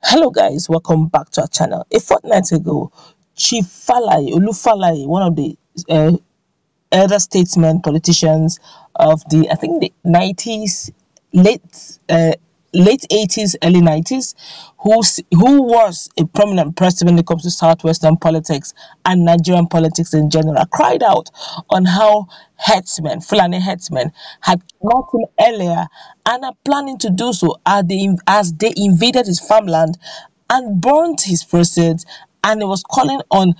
Hello guys, welcome back to our channel. A fortnight ago, Chief Falai, Olufalai, one of the uh, elder statesmen, politicians of the, I think the 90s, late uh, late 80s, early 90s, who, who was a prominent person when it comes to Southwestern politics and Nigerian politics in general, cried out on how headsmen, Fulani headsmen, had not him earlier and are planning to do so as they, as they invaded his farmland and burnt his proceeds. And he was calling on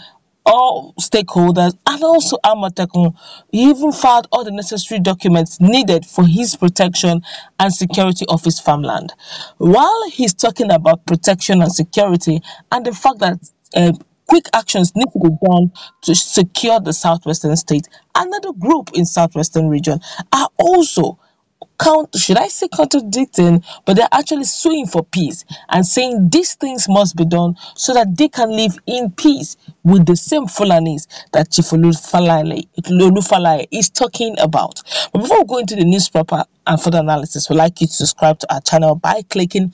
all stakeholders and also Amatekun. He even filed all the necessary documents needed for his protection and security of his farmland. While he's talking about protection and security and the fact that uh, quick actions need to be done to secure the southwestern state, another group in southwestern region are also count should I say contradicting, but they're actually suing for peace and saying these things must be done so that they can live in peace with the same Fulanis that Chief Olufalai is talking about. But before we go into the news proper and further analysis, we'd like you to subscribe to our channel by clicking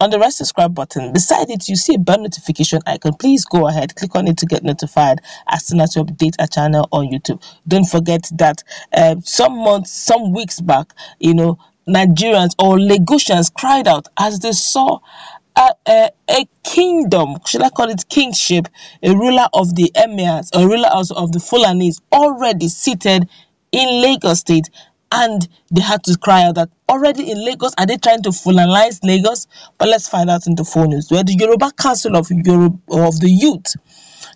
on the right subscribe button, beside it you see a bell notification icon. Please go ahead, click on it to get notified as soon as you update a channel on YouTube. Don't forget that uh, some months, some weeks back, you know, Nigerians or Lagosians cried out as they saw a, a, a, kingdom, should I call it kingship, a ruler of the emirs, a ruler also of the Fulanis already seated in Lagos State and they had to cry out that already in Lagos, are they trying to fulanize Lagos? But let's find out in the phone news. Where the Yoruba Council of Yoruba, of the Youth,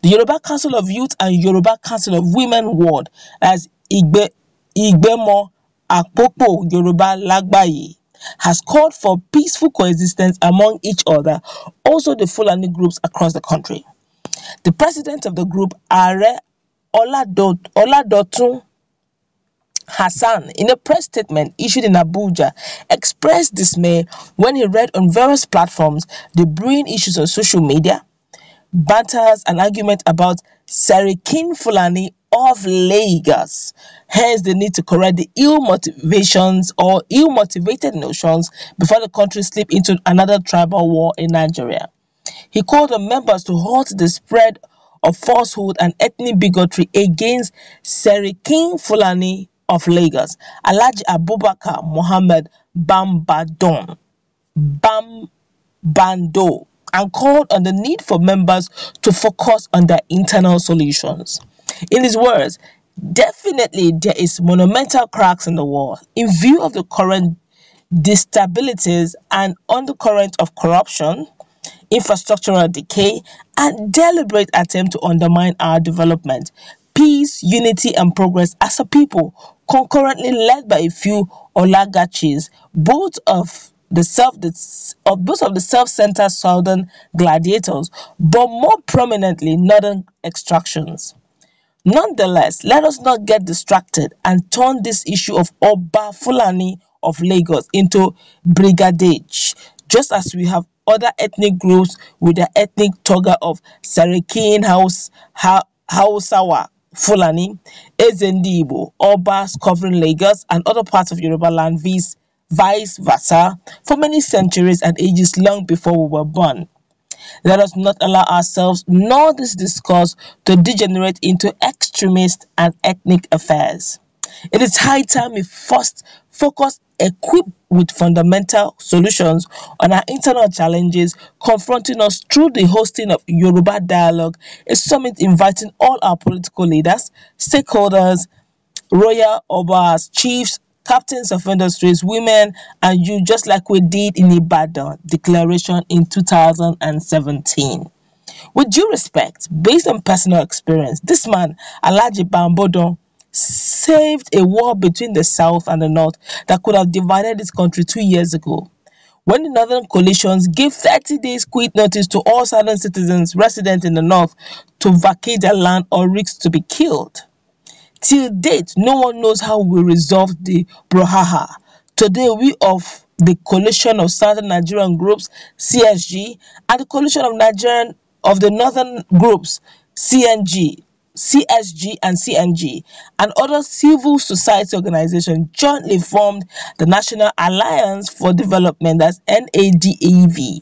the Yoruba Council of Youth and Yoruba Council of Women Ward, as Igbe, Igbemo Akpopo Yoruba Lagbaye, has called for peaceful coexistence among each other, also the Fulani groups across the country. The president of the group, Are Oladotun Hassan, in a press statement issued in Abuja, expressed dismay when he read on various platforms the brewing issues on social media, batters and argument about Serikin Fulani of Lagos. Hence, the need to correct the ill motivations or ill motivated notions before the country slip into another tribal war in Nigeria. He called on members to halt the spread of falsehood and ethnic bigotry against Serikin Fulani of Lagos, Alaj Abubakar Mohammed Bambadon, Bambando, and called on the need for members to focus on their internal solutions. In his words, definitely there is monumental cracks in the wall in view of the current destabilities and undercurrent of corruption, infrastructural decay, and deliberate attempt to undermine our development peace, unity, and progress as a people, concurrently led by a few oligarchies, both of the self of both of the self-centered southern gladiators, but more prominently northern extractions. Nonetheless, let us not get distracted and turn this issue of Oba Fulani of Lagos into brigadage. just as we have other ethnic groups with the ethnic toga of Sarakin House, Hausawa Fulani, Ezendibo, Obas covering Lagos and other parts of Yoruba land, vice, vice versa, for many centuries and ages long before we were born. Let us not allow ourselves nor this discourse to degenerate into extremist and ethnic affairs. It is high time we first focus equipped with fundamental solutions on our internal challenges confronting us through the hosting of Yoruba Dialogue, a summit inviting all our political leaders, stakeholders, royal obas, chiefs, captains of industries, women, and you, just like we did in the Ibadan Declaration in 2017. With due respect, based on personal experience, this man, Alaji Bambodon, saved a war between the South and the North that could have divided this country two years ago. When the Northern coalitions gave 30 days quit notice to all Southern citizens resident in the North to vacate their land or risk to be killed. Till date, no one knows how we resolved the brouhaha. Today, we of the coalition of Southern Nigerian groups, CSG, and the coalition of Nigerian of the Northern groups, CNG, CSG and CNG, and other civil society organizations jointly formed the National Alliance for Development, that's NADAV,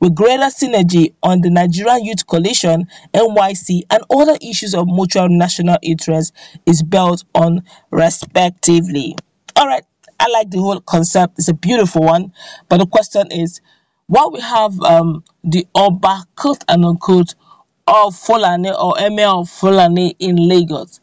with greater synergy on the Nigerian Youth Coalition, NYC, and other issues of mutual national interest is built on respectively. All right, I like the whole concept. It's a beautiful one, but the question is, while we have um, the Oba, quote and unquote, of Fulani or Emir of Fulani in Lagos.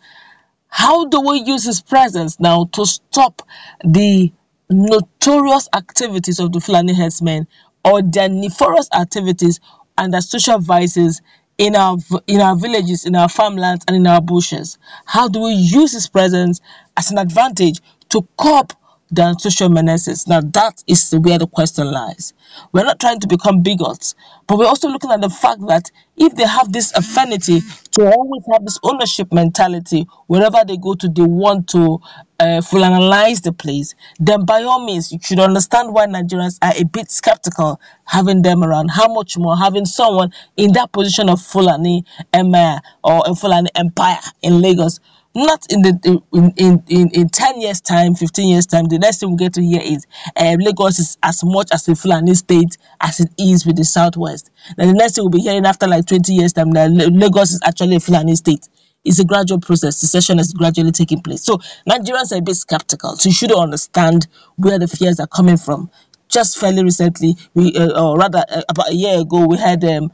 How do we use his presence now to stop the notorious activities of the Fulani headsmen or their nefarious activities and their social vices in our in our villages, in our farmlands, and in our bushes? How do we use his presence as an advantage to curb than social menaces? Now, that is where the question lies. We're not trying to become bigots, but we're also looking at the fact that if they have this affinity to always have this ownership mentality, wherever they go to, they want to uh, analyze the place, then by all means, you should understand why Nigerians are a bit skeptical having them around. How much more having someone in that position of Fulani Emir or a Fulani Empire in Lagos not in the in in in, in 10 years time 15 years time the next thing we get to hear is uh, lagos is as much as a fulani state as it is with the southwest then the next thing we'll be hearing after like 20 years time that lagos is actually a fulani state it's a gradual process secession is gradually taking place so nigerians are a bit skeptical so you should understand where the fears are coming from just fairly recently, we uh, or rather uh, about a year ago, we had um,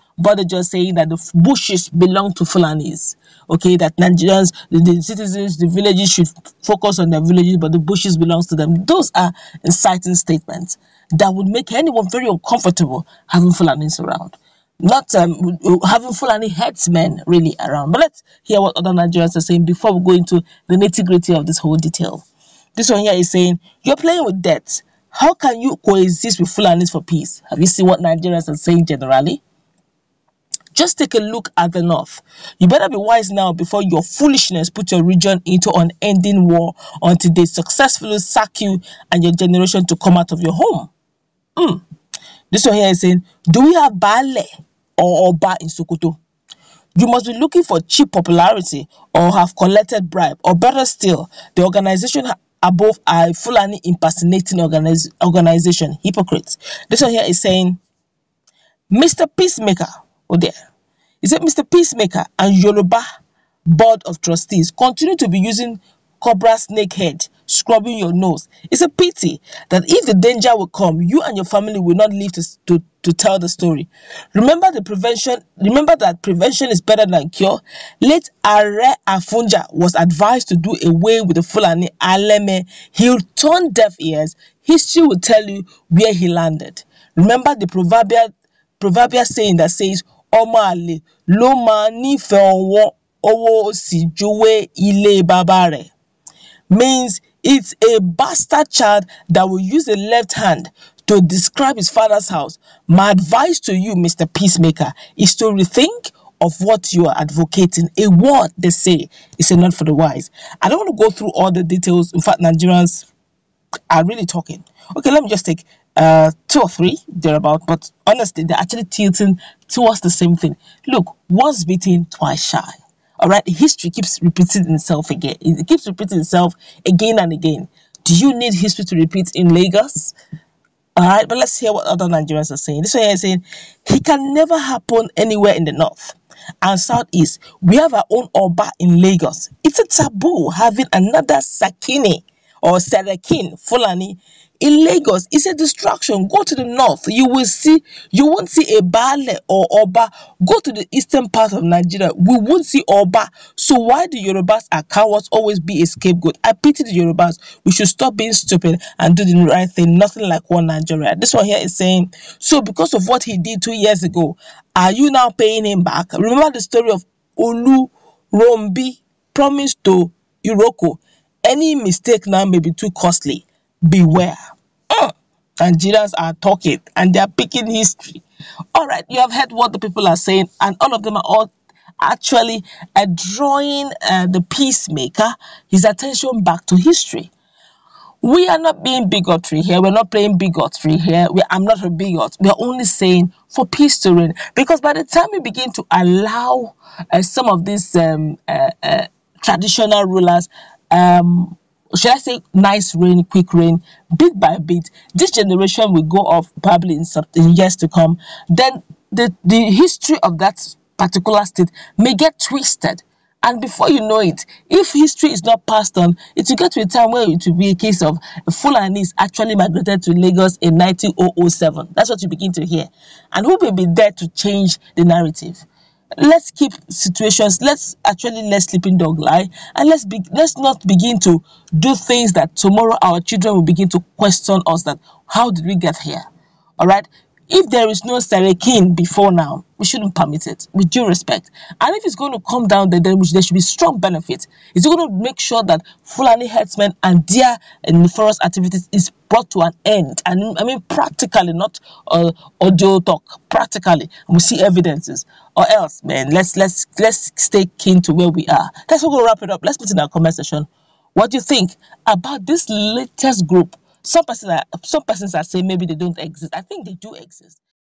just saying that the bushes belong to Fulanis. Okay, that Nigerians, the, the, citizens, the villages should focus on their villages, but the bushes belongs to them. Those are inciting statements that would make anyone very uncomfortable having Fulanis around. Not um, having Fulani headsmen really around. But let's hear what other Nigerians are saying before we go into the nitty gritty of this whole detail. This one here is saying, You're playing with death how can you coexist with Fulanis for peace? Have you seen what Nigerians are saying generally? Just take a look at the north. You better be wise now before your foolishness put your region into an ending war until they successfully sack you and your generation to come out of your home. Mm. This one here is saying, do we have Bale or Oba in Sokoto? You must be looking for cheap popularity or have collected bribe, or better still, the organization above I uh, Fulani impersonating organiz- organization. Hypocrite. This one here is saying, Mr. Peacemaker, oh there. He said, Mr. Peacemaker and Yoruba Board of Trustees continue to be using Cobra Snakehead scrubbing your nose. It's a pity that if the danger will come, you and your family will not live to, to, to tell the story. Remember the prevention, remember that prevention is better than cure. Late Are Afunja was advised to do away with the Fulani Aleme. He'll turn deaf ears. History will tell you where he landed. Remember the proverbial proverbial saying that says, Ọmọ àlè ló máa fe ọwọ́ owó sì júwé ilé babare." means it's a bastard child that will use the left hand to describe his father's house. My advice to you, Mr. Peacemaker, is to rethink of what you are advocating. A word they say is a not for the wise. I don't want to go through all the details. In fact, Nigerians are really talking. Okay, let me just take uh, two or three thereabout. But honestly, they're actually tilting towards the same thing. Look, once beaten, twice shy all right history keeps repeating itself again it keeps repeating itself again and again do you need history to repeat in lagos all right but let's hear what other nigerians are saying this one is saying he can never happen anywhere in the north and southeast we have our own oba in lagos it's a taboo having another sakini or Serekin, Fulani, in Lagos it's a distraction. Go to the north, you will see, you won't see a Bale or Oba. Go to the eastern part of Nigeria, we won't see Oba. So why the Yorubas are cowards always be a scapegoat? I pity the Yorubas. We should stop being stupid and do the right thing. Nothing like one Nigeria. This one here is saying, so because of what he did two years ago, are you now paying him back? Remember the story of Olu Rombi promised to Iroko any mistake now may be too costly. Beware. Mm. Nigerians are talking and they are picking history. All right, you have heard what the people are saying, and all of them are all actually uh, drawing uh, the peacemaker his attention back to history. We are not being bigotry here. We're not playing bigotry here. We, I'm not a bigot. We're only saying for peace to reign. Because by the time we begin to allow uh, some of these um, uh, uh, traditional rulers um, should I say nice rain, quick rain, bit by bit, this generation will go off probably in, some, years to come, then the, the history of that particular state may get twisted. And before you know it, if history is not passed on, it will get to a time where it will be a case of Fulanis actually migrated to Lagos in 1907. That's what you begin to hear. And who will be there to change the narrative? let's keep situations let's actually let sleeping dog lie and let's be let's not begin to do things that tomorrow our children will begin to question us that how did we get here all right if there is no serekin before now we shouldn't permit it with due respect and if it's going to come down then, there should be strong benefit it's going to make sure that fulani herdsmen and their uh, and forest activities is brought to an end. And I mean, practically, not uh, audio talk, practically. We see evidences. Or else, man, let's let's let's stay keen to where we are. Let's go wrap it up. Let's put in our comment section. What do you think about this latest group? Some persons are some persons are saying maybe they don't exist. I think they do exist.